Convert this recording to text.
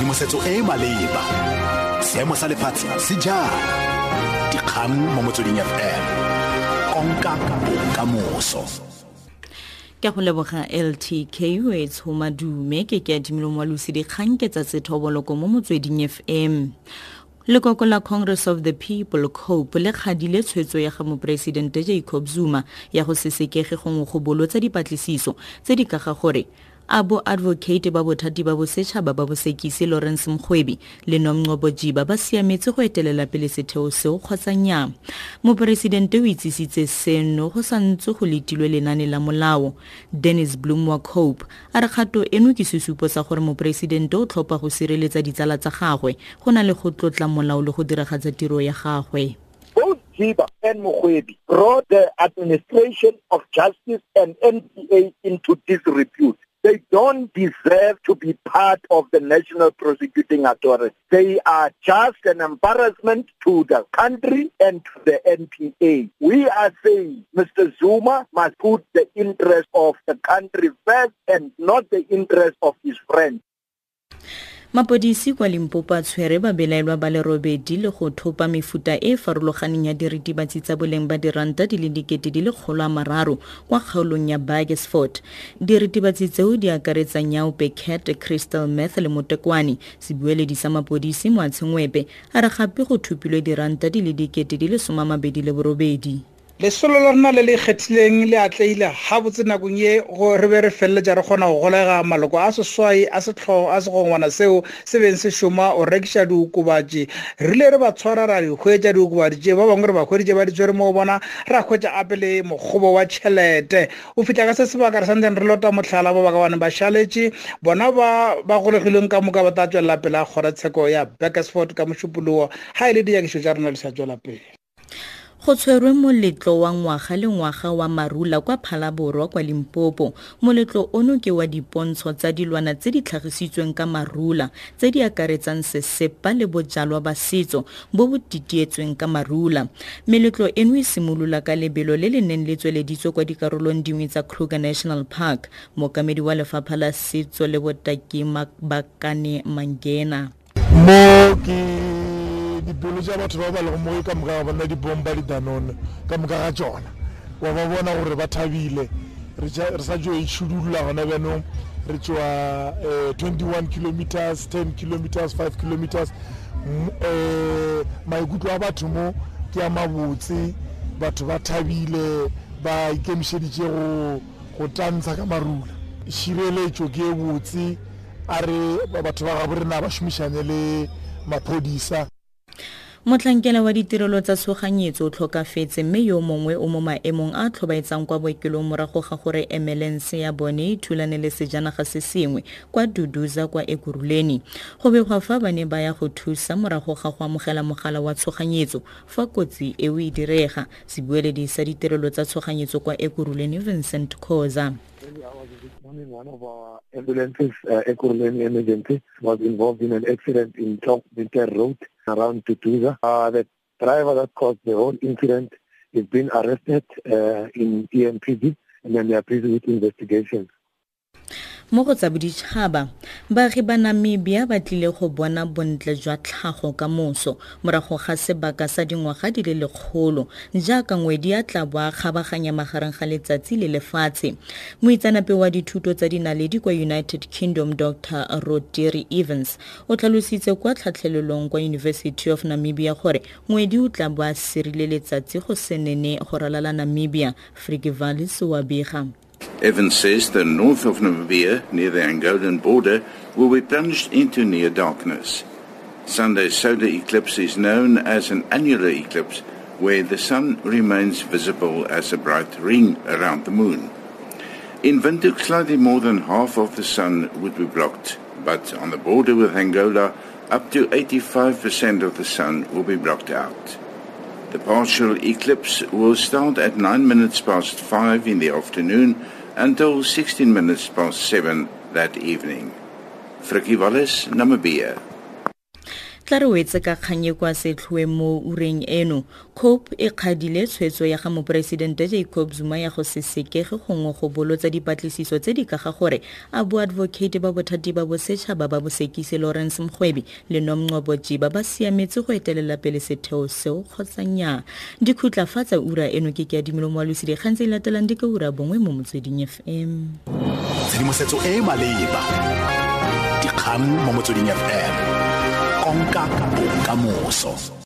tshedimosetso e e maleba seemo sa lefatshe se jang dikgang mo motsweding fm konka bokamoso ke go leboga ltk etso madume ke ke adimilo moalosi dikgang ke tsa sethoboloko mo motsweding fm lekoko la congress of the people cope le kgadile tshwetso ya ga moporesidente jacob zuma ya go sesekege gongwe go bolotsa dipatlisiso tse di ka ga gore a boadvocate ba bothati ba bosetšhaba ba bosekisi lawrence mokgwebi le nomncobo jiba ba siametse go etelela pele setheo seo kgotsa nyaa moporesidente o itsisitse seno go santse go letilwe lenane la molao dennis bloom wa cope a re kgato eno ke sesupo sa gore moporesidente o tlhopha go sireletsa ditsala tsa gagwe go na le go tlotla molao le go diragatsa tiro ya gagwe Both Ziba and Mukwege brought the administration of justice and NPA into disrepute. They don't deserve to be part of the National Prosecuting Authority. They are just an embarrassment to the country and to the NPA. We are saying Mr. Zuma must put the interest of the country first and not the interest of his friends. mapodisi kwa limpopo a tshwere babelaelwa ba lerobedi le go thopa mefuta e e farologaneng ya diritibatsi tsa boleng ba diranta di le dikete di le kgolo a mararo kwa kgaolong ya bagesford diritibatsi tseo di akaretsang ya opecat crystal math le motekwane sebueledi sa mapodisi moatshengwepe a re gape go thopilwe diranta di le dikete di le somamabedi le borobedi lesolo la rena le le kgethileng le atleile ga botse nakong ye gore be re feleletša re kgona go golega maloko a seswai a setlhogo a segongwana seo se beng se šoma o rekiša diokobatše rile re ba tshwara ra di hwetša diokobatše tše ba bangwe re ba ba di mo go bona ra hwetša ape le mokgobo wa tšhelete o fitlha ka se sebaka re santseng re lota motlhala ba baka bane ba šaletše bona ba ba golegilweng ka moka ba tla tswelela pele a kgorotsheko ya bakersford ka mošupologo ga e le diakišo tša rena le sa tswela pele Go tshwerwe moletlo wa ngwaga le ngwaga wa marula kwa Phalaborwa kwa Limpopo. Moletlo ono ke wa dipontsho tsa dilwana tse di tlhagisitsweng ka marula tse di akaretsang sesepa le bojalwa ba setso bo bo titietsweng ka marula. Meletlo eno e simolola ka lebelo le le neng le tsweleditswe kwa dikarolong dingwe tsa Kruger National Park. Mookamedi wa Lefapha la Setso le Botaki Mabakane Mangena. mo ke dipelo tša batho ba ba lego moge ka moka ba bona dipong ba didanone ka moka ga tsona wa ba bona gore ba thabile re sa tsoe šudulla gona bjanong re tswa um 21 kilometers 10 kilometers 5 kilometers um maikutlo a batho mo ke a mabotse batho ba thabile ba ikemišeditše go tantsha ka marula šireletšo ke e botse a re batho ba gabo rena ba šomišane le maphodisa motlhankela wa ditirelo tsa tshoganyetso o tlhokafetse mme yo mongwe o mo maemong a a tlhobaetsang kwa bookelong morago ga gore emelense ya bone e thulane le sejanaga se sengwe kwa duduza kwa ekuruleni go begwa fa ba ne ba ya go thusa morago ga go amogela mogala wa tshoganyetso fa kotsi eo e direga sebueledi sa ditirelo tsa tshoganyetso kwa ekuruleni vincent cosa morning, one of our ambulances, uh, Ekuruleni Emergency, was involved in an accident in Top Winter Road. around Tutuza. Uh, the driver that caused the whole incident is being arrested uh, in EMPD and then they are busy with investigations. mo go tsa boditšhaba baagi ba namibia ba tlile go bona bontle jwa tlhago ka moso morago ga sebaka sa dingwaga di le lekgolo jaaka ngwedi a tla boa kgabaganya magareng ga letsatsi le lefatshe moitseanape wa dithuto tsa dinaledi kwa united kingdom dr rodiri evans o tlhalositse kwa tlhatlhelelong kwa university of namibia gore ngwedi o tla boa serile letsatsi go senene go ralala namibia frikivale soabega Evans says the north of Namibia, near the Angolan border, will be plunged into near darkness. Sunday's solar eclipse is known as an annular eclipse, where the sun remains visible as a bright ring around the moon. In Windhoek, slightly more than half of the sun would be blocked, but on the border with Angola, up to 85% of the sun will be blocked out. The partial eclipse will start at 9 minutes past 5 in the afternoon until 16 minutes past 7 that evening. Frikkie Wallis, Namibia. tla re wetse ka kganye kwa setlhoeng mo ureng eno cope e kgadile tshwetso ya ga moporesidente jacob zuma ya go se sekege gongwe go bolotsa dipatlisiso tse di ka ga gore a boadvocate ba bothati ba bosetšhaba ba bosekisi lawrence mgwebi le nomncobo jiba ba siametse go etelela pele setheo seo kgotsa nnyaa dikhutla fa ura eno ke ke adimelo moalosi dikgang tse e latelang di ka ura bongwe mo motsweding fm tshedimosetso e e maleba dikgang mo motsweding fm konka bokamoso